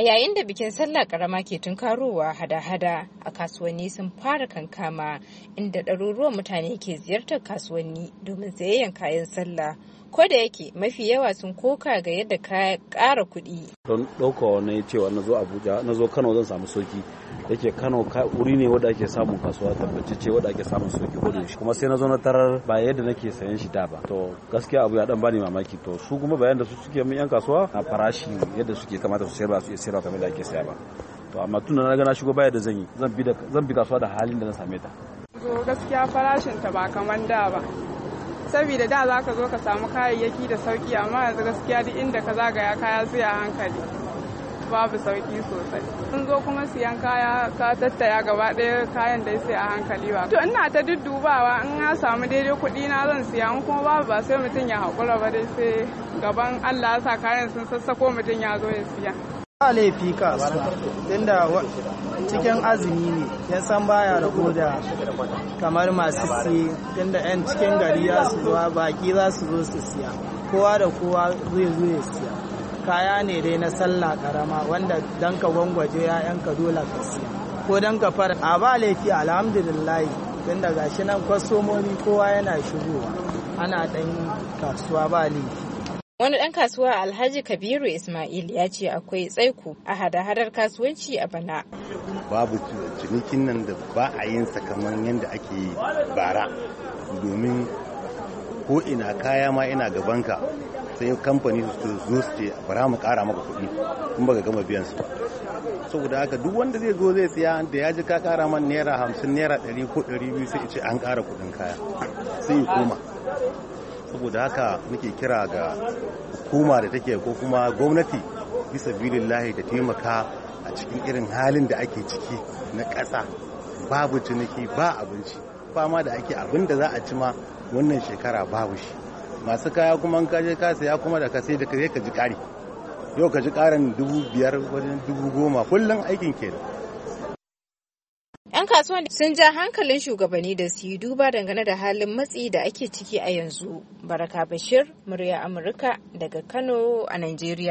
A yayin da bikin sallah karama ke tunkarowa hada-hada a kasuwanni sun fara kankama inda ɗaruruwan mutane ke ziyartar kasuwanni domin sayayyan kayan sallah. Ko da yake mafi yawa sun koka ga yadda kaya ƙara kuɗi. Don ɗauka wani cewa na zo Abuja, na zo Kano zan samu soki. yake Kano wuri ne wadda ake samun kasuwa ce wadda ake samun soki ko da kuma sai na zo na tarar ba yadda nake sayan shi da ba to gaskiya abu ya dan bani mamaki to su kuma bayan da su suke min yan kasuwa a farashi yadda suke kamata su sayar ba su sayarwa kamar da ake saya ba to amma tun da na gana shigo baya da zan zan bi kasuwa da halin da na same ta zo gaskiya farashin ta ba kaman da ba saboda da za ka zo ka samu kayayyaki da sauki amma yanzu gaskiya duk inda ka zagaya kaya suya hankali babu sauki sosai sun zo kuma siyan kaya ka tattaya gaba ɗaya kayan da sai a hankali ba to ina ta duddubawa in ya samu daidai kuɗi na zan siya in kuma babu ba sai mutum ya haƙura ba dai sai gaban allah ya sa kayan sun sassako mutum ya zo ya siya ba laifi kasuwa tunda cikin azumi ne ya san baya da koda kamar masu siye tunda 'yan cikin gari ya su zuwa baki za su zo su siya kowa da kowa zai zo ya siya kaya ne dai na sallah karama wanda don ka gwangwaje ya'yanka dole ka siya ko don ka fara a ba laifi alhamdulillah tunda gashi nan kwastomomi kowa yana shigowa ana ɗan kasuwa ba laifi Wani dan kasuwa Alhaji Kabiru Ismail ya ce akwai tsaiku a hada-hadar kasuwanci a bana. Babu cinikin nan da ba a yin sa kamar yadda ake bara domin ko ina kaya ma ina gabanka sai kamfani su zo su ce bara mu kara maka kuɗi kun baka gama biyan su saboda haka duk wanda zai zo zai siya da ya ji ka kara man naira hamsin naira ɗari ko ɗari biyu sai ce an kara kuɗin kaya sai ya koma saboda haka muke kira ga hukuma da take ko kuma gwamnati bisa bilillahi da taimaka a cikin irin halin da ake ciki na ƙasa babu ciniki ba abinci fama da ake abin da za a ci ma wannan shekara babu shi masu kaya kuma ka je ka saya kuma da ka sai da ka ji ƙari yau ka ji ƙarin dubu biyar wajen dubu goma kullum aikin kenan 'Yan kasuwa sun ja hankalin shugabanni da su yi duba dangane da halin matsi da ake ciki a yanzu. Baraka Bashir, murya Amurka daga Kano a nigeria.